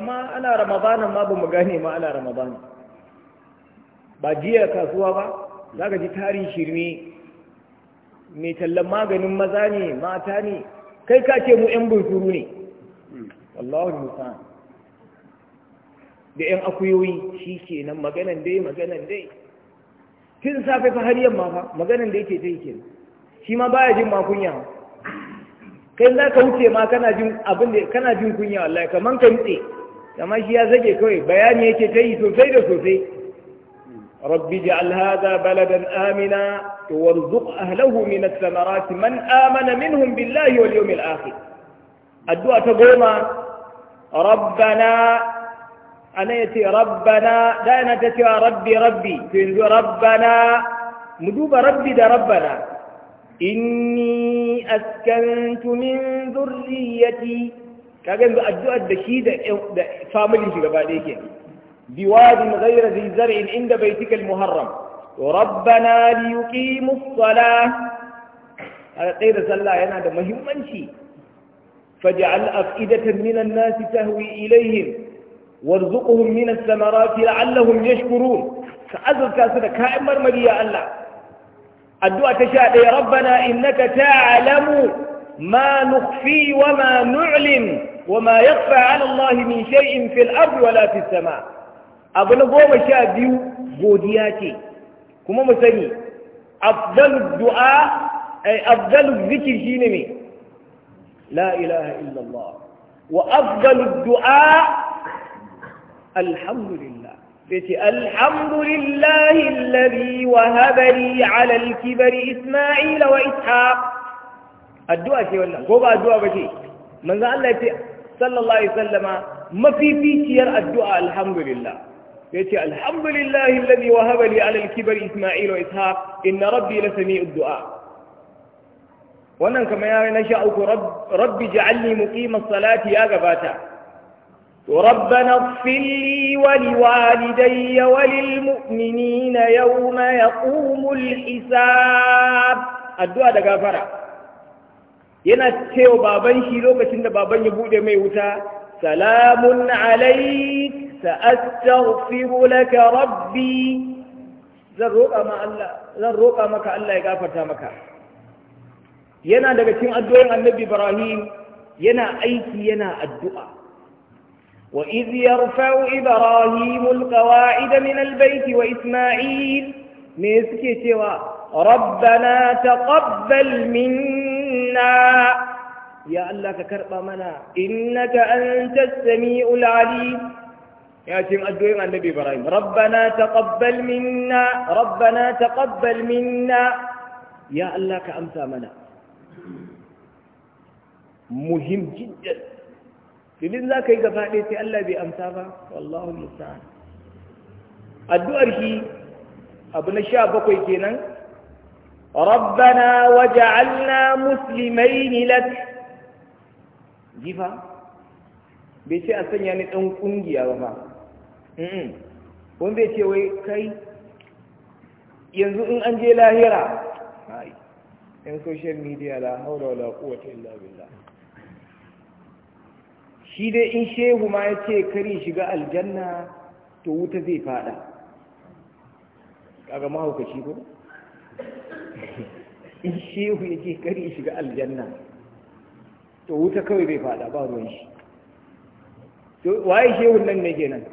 amma ana ramadana ma ba mu gane ma ana ramadana ba jiya kasuwa ba za ka ji tarin shirme mai tallan maganin maza ne mata ne kai ka ce mu yan bunsuru ne wallahu musa'an da yan akuyoyi shi ke nan maganan dai maganan dai tun safe fa har yamma fa maganan dai ke ta yake shi ma baya jin ma kunya kai za ka wuce ma kana jin abin da kana jin kunya wallahi kaman ka nutse kamar shi ya zage kawai bayani yake ta yi sosai da sosai rabbi ja'al hadha baladan amina وارزق أهله من الثمرات من آمن منهم بالله واليوم الآخر الدعاء تقول ربنا أنا يتي ربنا دائما تتي ربي ربي تنزو ربنا مدوب ربي ده ربنا إني أسكنت من ذريتي كأن الدعاء الدشيدة فاملي شغبا ديكي بواد غير ذي زرع عند بيتك المهرم ربنا ليقيموا الصلاة هذا غير صلى ينادى مهمنشي فاجعل أفئدة من الناس تهوي إليهم وارزقهم من الثمرات لعلهم يشكرون سأذكر كاسدة كائن مرمدي يا الله الدعاء تشاء يا ربنا إنك تعلم ما نخفي وما نعلم وما يخفى على الله من شيء في الأرض ولا في السماء أبنى نقوم شاء بودياتي kuma mu sani afdalud du'a ay afdalud zikr shine me la ilaha illallah wa afdalud du'a alhamdulillah yace alhamdulillahi alladhi wahaba li ala al-kibri isma'ila wa ishaq addu'a ce wannan ko ba addu'a ba ce manzo Allah ya ce sallallahu alaihi wasallama mafificiyar addu'a alhamdulillah yace alhamdulillahi alladhi wahaba li ala al-kibar isma'il wa ishaq inna rabbi la sami'ud du'a wannan kama ya na sha uku rabbi ja'alni muqimas salati ya gabata ربنا اغفر لي ولوالدي وللمؤمنين يوم يقوم الحساب addu'a da gafara yana cewa baban shi lokacin da baban ya bude mai wuta salamun alaik سأستغفر أ س ت غ ف ر لك ربي زر رؤى مك ا الله يغفر ينا د ل ك عن ادوين النبي ابراهيم ينا ايتي ينا الدعاء وإذ يرفع إبراهيم القواعد من البيت وإسماعيل إ س ربنا تقبل منا يا الله ك ك ر منا إ ن السميع العليم ياتيم ادوي أدوين عن إبراهيم ربنا تقبل منا ربنا تقبل منا يا الله كأمسى منا مهم جدا لذلك ذاك يقفى تي الله با والله المستعان الدؤر هي أبن بكوي كينان ربنا وجعلنا مسلمين لك جفا بيسي اسنيا يعني أن أنجي يا wani bai ce wai kai yanzu in an je lahira yan social media la wa wala quwwata illa billah shi dai in shehu ma ya ce kari shiga aljanna to wuta zai fada kaga mahaukaci ko in shehu ya ce kari shiga aljanna to wuta kawai bai fada ba ruwan shi to waye shehun nan ne ke nan?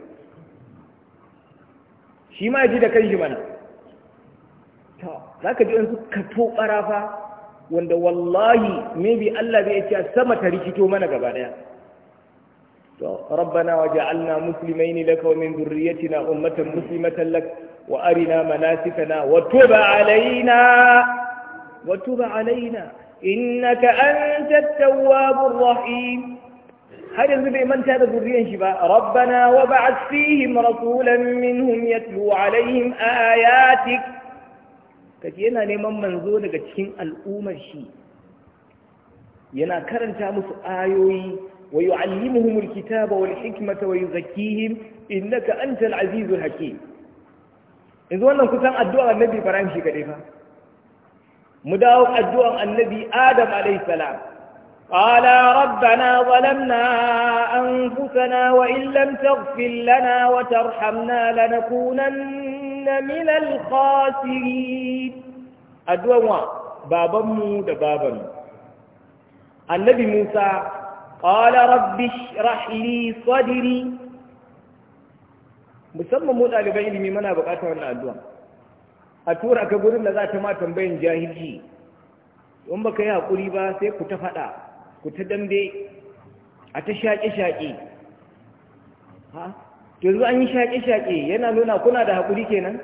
shi ma ji da kanshi mana ta za ka ji wani suka to ƙarafa wanda wallahi maybe Allah zai ce sama ta rikito mana gaba ɗaya to rabbana waj'alna muslimaini laka wa min dhurriyyatina ummatan muslimatan lak wa arina manasikana wa tub alaina wa tub alaina innaka antat tawwabur rahim har yanzu bai manta da zurriyan shi ba rabbana wa ba'ath fihim rasulan minhum yatlu alaihim ayatik Kaji yana neman manzo daga cikin al'ummar shi yana karanta musu ayoyi wa yu'allimuhum alkitaba wal hikmata wa yuzakkihim innaka antal azizul hakim yanzu wannan kusan addu'ar annabi Ibrahim shi kadai fa mu dawo addu'an annabi Adam alayhi salam قالا ربنا ظلمنا انفسنا وان لم تغفر لنا وترحمنا لنكونن من الخاسرين ادوا بابا مو بابا النبي موسى قال رب اشرح لي صدري مسمى موسى لبين من منا بقاتها من ادوا اتورا كبرنا ذات ما تنبين جاهلي أمك يا قريبا سيكو تفتا ku ta dambe a ta shaƙe-shaƙe ha To yanzu an yi shaƙe-shaƙe yana nuna kuna da haƙuri kenan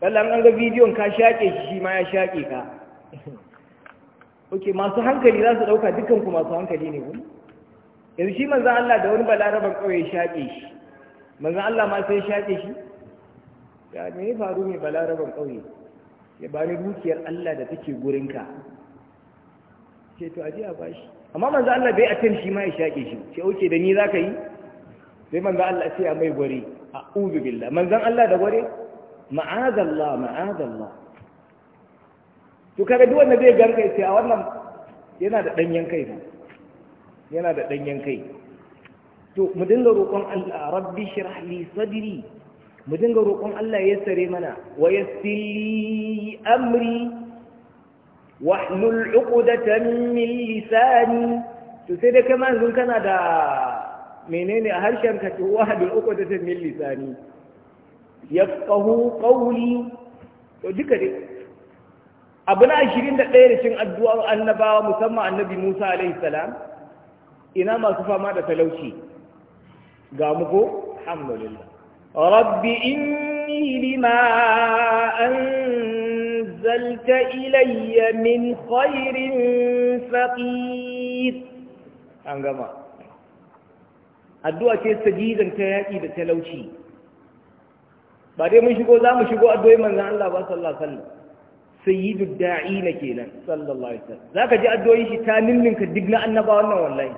ɗallan an ga bidiyon ka shaƙe shi ma ya shaƙe ka ok masu hankali za su ɗauka dukanku masu hankali ne wani yanzu shi manzan Allah da wani balaraban ƙauye shaƙe shi manzan Allah ma sai shaƙe shi ya ne faru ne balaraban ƙauye ya bani dukiyar Allah da take gurinka ce to aje a bashi amma manzo Allah bai akan shi ma ya shake shi ce oke da ni zaka yi sai manzo Allah sai a mai gore a'udhu billah manzon Allah da gore ma'azallah ma'azallah to kaga duk wanda zai ganka sai a wannan yana da danyen kai yana da danyen kai to mu dinga roƙon Allah rabbi shrah li sadri mu dinga roƙon Allah ya sare mana wa yassiri amri wahlul uqdatan min lisani to sai dai kamar yanzu kana da menene a harshen ka to wahlul uqdatan min lisani yafqahu qawli to duka dai abu na 21 da cikin addu'ar annabawa musamman annabi Musa alaihi salam ina masu fama da talauci ga mu ko alhamdulillah rabbi inni lima an أنزلت إلي من خير فقير أنجما addu'a ce sajidan ta yaƙi da talauci ba dai mun shigo za mu shigo addu'ai manzan Allah ba sallallahu alaihi da'ina kenan sallallahu alaihi wasallam zaka ji addu'o'in ta ninninka duk na annaba wannan wallahi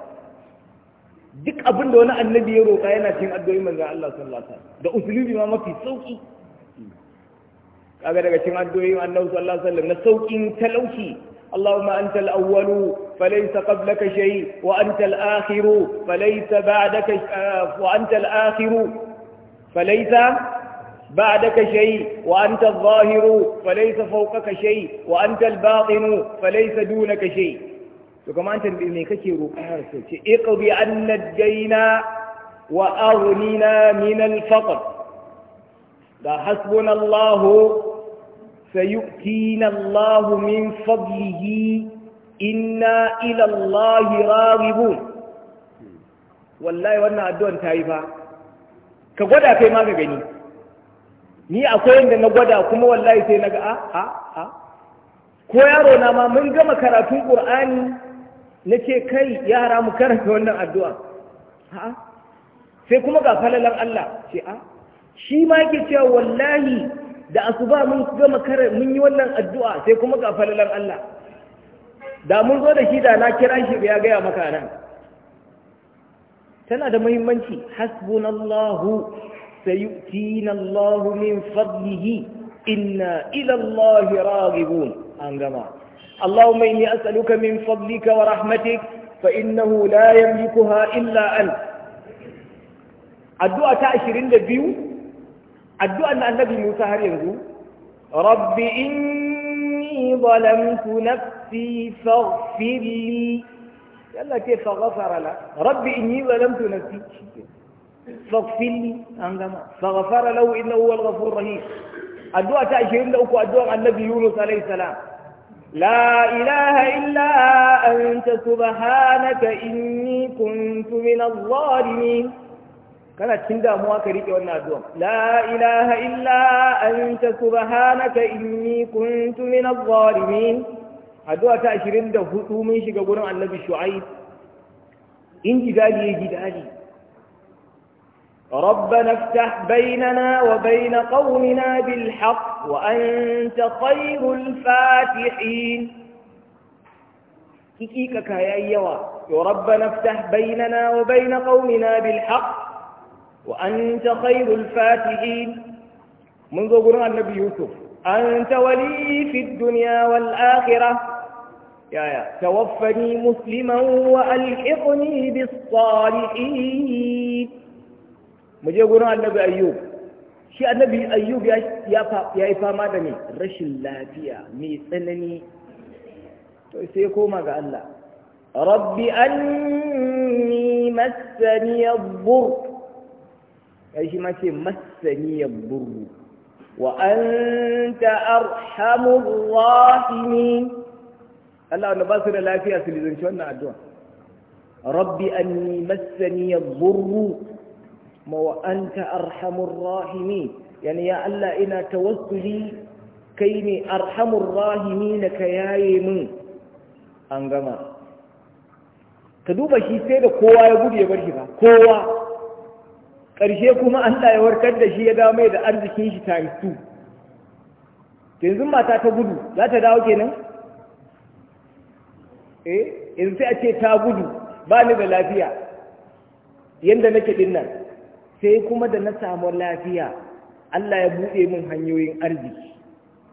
duk abin wani annabi ya roƙa yana cikin addu'o'in manzan Allah da usulubi ma mafi sauƙi. kaga daga cikin addu'o'in annabi sallallahu alaihi wasallam na saukin talauci اللهم أنت الأول فليس قبلك شيء وأنت الآخر فليس بعدك وأنت الآخر فليس بعدك شيء وأنت الظاهر فليس فوقك شيء وأنت الباطن فليس دونك شيء وكما أنت بإذن كثير اقضي أن نجينا وأغننا من الفقر لا حسبنا الله sayu'tina Allahu min fadlihi inna ila Allahi raghibun wallahi wannan addu'an ta yi fa ka gwada kai ma gani ni akwai yadda na gwada kuma wallahi sai na ga a ah, a ah, a ah. ko yaro na ma mun gama karatun qur'ani na ce kai yara mu karanta wannan addu'a a sai kuma ga falalan Allah ce a shi ma yake cewa wallahi da asuba mun gama kare mun yi wannan addu'a sai kuma ga falalan Allah da mun zo da shi da na kira shi ya gaya maka nan tana da muhimmanci hasbunallahu sayu'tina Allahu min fadlihi inna ila Allah raghibun an gama اللهم إني أسألك من فضلك ورحمتك فإنه لا يملكها إلا أنت الدعاء 22 addu'an annabi Musa har yanzu rabbi inni zalamtu nafsi faghfir li Allah ce faghfara la rabbi inni zalamtu nafsi faghfir li an gama faghfara lahu innahu huwal ghafur rahim addu'a ta 23 addu'an annabi Yunus alaihi salam لا إله إلا أنت سبحانك إني كنت من الظالمين kana cikin damuwa ka riƙe wannan addu'a la ilaha illa anta subhanaka inni kuntu min adh-dhalimin addu'a ta 24 mun shiga gurin annabi shu'aib in jidali ya jidali ربنا افتح بيننا وبين قومنا بالحق وأنت خير الفاتحين كيكا كايا يوا ربنا افتح بيننا وبين قومنا بالحق وأنت خير الفاتحين منذ قرن النبي يوسف أنت ولي في الدنيا والآخرة يا يا توفني مسلما وألحقني بالصالحين مجي قرن النبي أيوب شيء النبي أيوب يا يا يا فما دني رش اللافية ميسنني سيكون ماذا قال الله رب أني مسني الضر kai shi ma ce masani ya burru wa anta arhamur rahimin Allah wanda ba su da lafiya su lizanci wannan addu'a rabbi anni masani ya burru ma wa anta arhamur rahimi yani ya Allah ina tawassuli kai ne arhamur rahimi na ka yaye min an gama ka duba shi sai da kowa ya gudu ya bar shi ba kowa ƙarshe kuma an ya warkar da shi ya dawo mai da arzikin shi times two yanzu mata ta gudu za ta dawo kenan eh yanzu sai a ce ta gudu ba ni da lafiya Yadda nake ɗin nan sai kuma da na samu lafiya Allah ya buɗe min hanyoyin arziki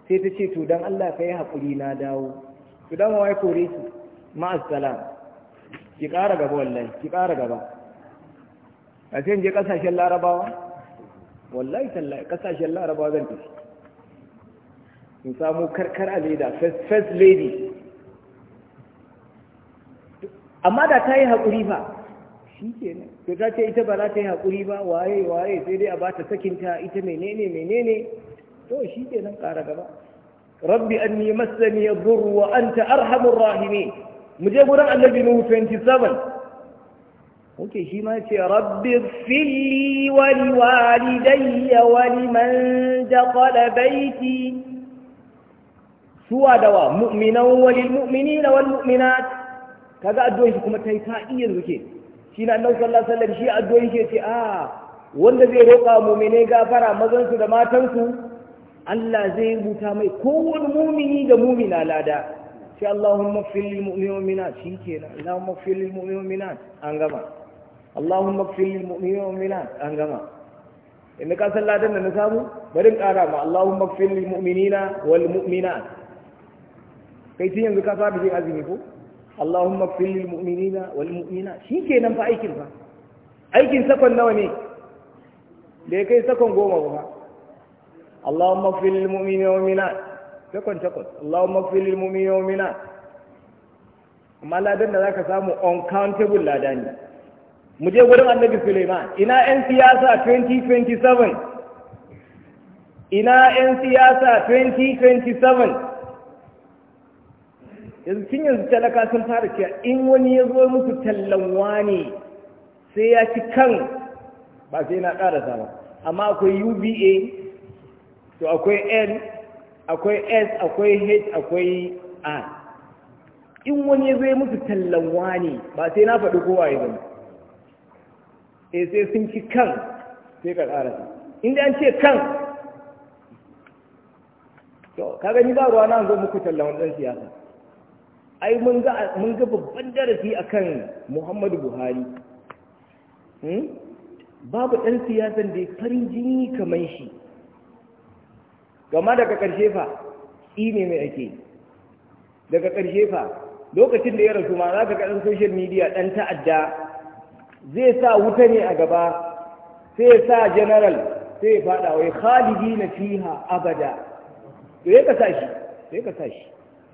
sai ta ce to dan Allah ka yi haƙuri na dawo to dan wa ya kore ki ki ƙara gaba wallahi ki ƙara gaba a sai je kasashen larabawa wallahi tallahi kasashen larabawa zan tafi in samu karkar a leda first lady amma da ta yi haƙuri ba shi ke nan to ta ce ita ba za ta yi haƙuri ba waye waye sai dai a ba ta sakinta ita menene menene to shi ke nan ƙara gaba rabbi an yi masani ya buru wa an ta arhamun rahimi mu je gudan annabi nuhu 27 oke shi ma ce rabbi fili wani walidayya wani man dakala baiti suwa dawa mu'minan wani mu'mini na wani mu'minat ga addu'ar shi kuma ta yi ta iya zuke shi na annabi sallallahu sallar shi addu'ar shi ce a ah, wanda zai roƙa mu'mine gafara mazansu da matansu Allah zai rubuta mai kowane mumini da mumina lada sai Allahumma fil mu'minina shikenan Allahumma fil mu'minina an gama Allahumma ighfir lil mu'minina gama inda ka san ladan na samu bari in Allahumma ighfir lil mu'minina wal kai tun yanzu ka fara jin azumi ko Allahumma ighfir lil mu'minina wal mu'minat shikenan fa aikin fa aikin sakon nawa ne da ya kai sakon goma ba Allahumma ighfir lil amma ladan da zaka samu uncountable lada ne mu je gurin annabi Suleiman ina 'yan siyasa 2027 ina 'yan siyasa 2027 yanzu cin yanzu talaka sun fara cewa in wani ya zo musu tallan wani sai ya ci kan ba sai na ƙarasa ba amma akwai uba to akwai n akwai s akwai h akwai r in wani ya zo musu tallan wani ba sai na faɗi kowa ya zama eh sai sun ci kan sai ka ƙara inda an ce kan to ka gani ba ruwa na zo muku tallan wannan siyasa ai mun ga mun ga babban darasi akan Muhammadu Buhari hmm? babu ɗan siyasan da ya farin jini kamar shi gama daga ƙarshe fa ne mai ake daga ƙarshe fa lokacin da ya rasu ma za ka ga ɗan social media ɗan ta'adda zai sa wuta ne a gaba sai sa general sai fada wai khalidi na fiha abada to ya ka sashi sai ka sashi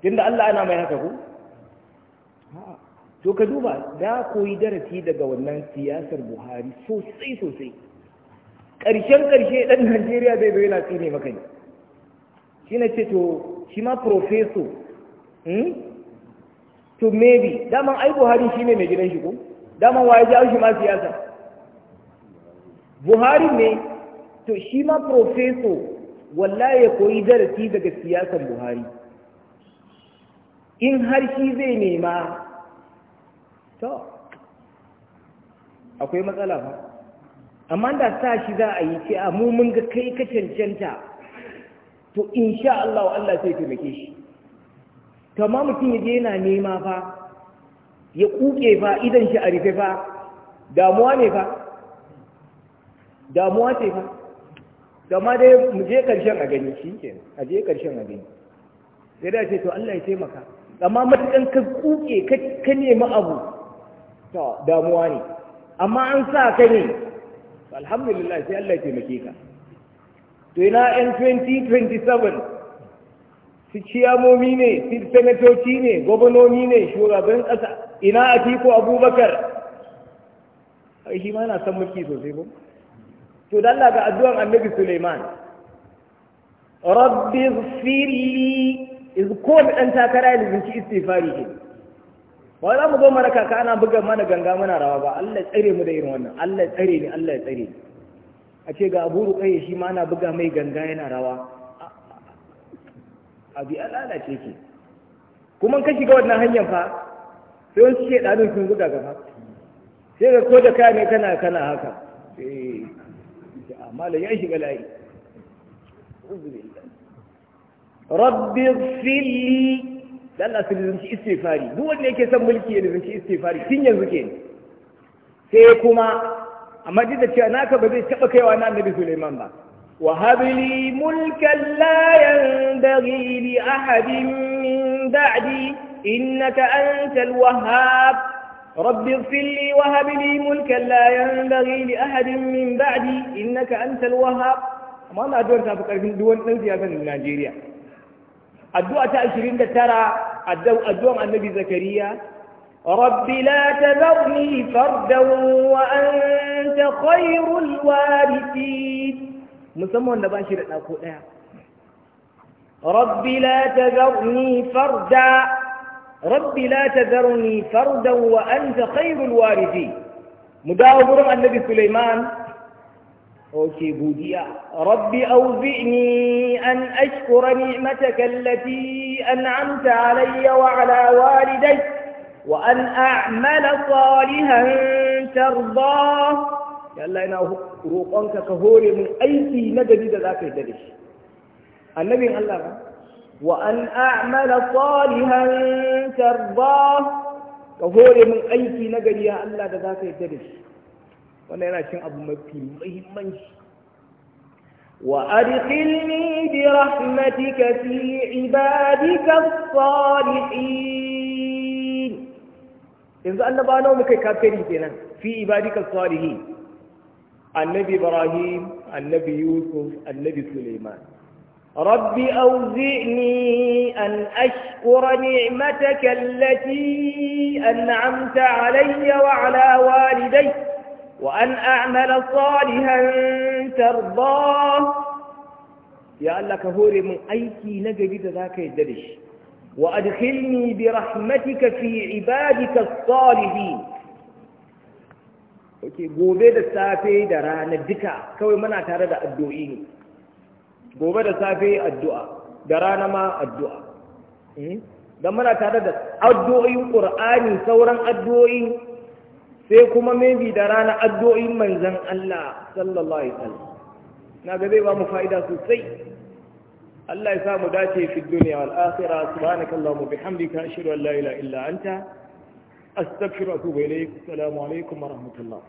tunda Allah yana mai haka ko to ka duba da koyi darasi daga wannan siyasar Buhari sosai sosai ƙarshen ƙarshe ɗan Najeriya zai zo yana tsine maka ne shi na ce to shi ma professor hmm? to maybe daman ai Buhari shine mai gidan shi ko dama waye jawo shi ma siyasa buhari ne to shi ma profeso wallahi ya koyi darasi daga siyasan buhari in har shi zai nema to akwai matsala ba amma da sa shi za a yi ce a mu mun ga kai ka cancanta to insha Allah Allah sai taimake shi to amma mutum ya je yana nema fa ya kuke fa idan shi a rufe fa damuwa ne fa damuwa ce fa gama dai mu je karshen a gani shi ke a je karshen a gani sai da ce to Allah ya taimaka amma matakan ka kuke ka nemi abu ta damuwa ne amma an sa ka ne alhamdulillah sai Allah ya taimake ka to ina n 2027 su ciyamomi ne su senatoci ne gwamnoni ne shugaban ƙasa ina atiku abubakar a shi ma yana son mulki sosai ba to dan Allah ga addu'an annabi suleiman rabbi firli iz ko mu dan takara da zinci istighfari ke ba za mu zo mana kaka ana buga mana ganga muna rawa ba Allah tsare mu da irin wannan Allah tsare ni Allah ya tsare ni a ce ga Abu Ruqayya shi ma ana buga mai ganga yana rawa abi alala ce ke kuma ka ga wannan hanyar fa sai wasu ce ɗanin sun guda gaba sai ga ko da kayan ne kana kana haka sai eh, amma da ya shiga layi rabbi fili Allah su rizanci istifari duk wanda yake son mulki ya rizanci istifari tun yanzu ke sai kuma a duk da cewa naka ba zai taɓa kaiwa na annabi Suleiman ba وهب لي ملكا لا ينبغي لأحد من بعدي إنك أنت الوهاب رب اغفر لي وهب لي ملكا لا ينبغي لأحد من بعدي إنك أنت الوهاب ما ما أدوان سابقا لكن دوان نوتي من نيجيريا الدعاء تأشرين ترى الدعاء عن النبي زكريا رب لا تذرني فردا وأنت خير الوارثين مسمون لبان شرعنا أقول رب لا تذرني فردا رب لا تذرني فردا وأنت خير الوارثين مداوبر النبي سليمان أوكي بوديا رب أوزعني أن أشكر نعمتك التي أنعمت علي وعلى والدي وأن أعمل صالحا ترضاه يا الله أنا روقانك كهوري من أي na ذاك da النبي الله وأن أعمل صالحا ترضاه كهول من أيكي نقل يا الله ذاك يدرس وأنا أنا شن أبو مكي مهمنش وأدخلني برحمتك في عبادك الصالحين yanzu annaba nawa muka kafiri kenan في عبادك الصالحين النبي إبراهيم النبي يوسف النبي سليمان رب أوزعني أن أشكر نعمتك التي أنعمت علي وعلى والدي وأن أعمل صالحا ترضاه يا الله كهور من أيكي نجد ذاك يدرش وأدخلني برحمتك في عبادك الصالحين Oke, gobe da safe da rana duka kawai muna gobe da safe addu'a da rana ma addu'a hmm? don muna tare da addu'o'in ƙur'ani sauran addu'o'i sai kuma maybe da rana addu'o'in manzan Allah sallallahu alaihi wasallam na ga zai ba mu fa'ida sosai Allah ya sa mu dace fi duniya wal akhirah subhanaka allahumma bihamdika ashhadu an la ilaha illa anta astaghfiruka wa alaikum wa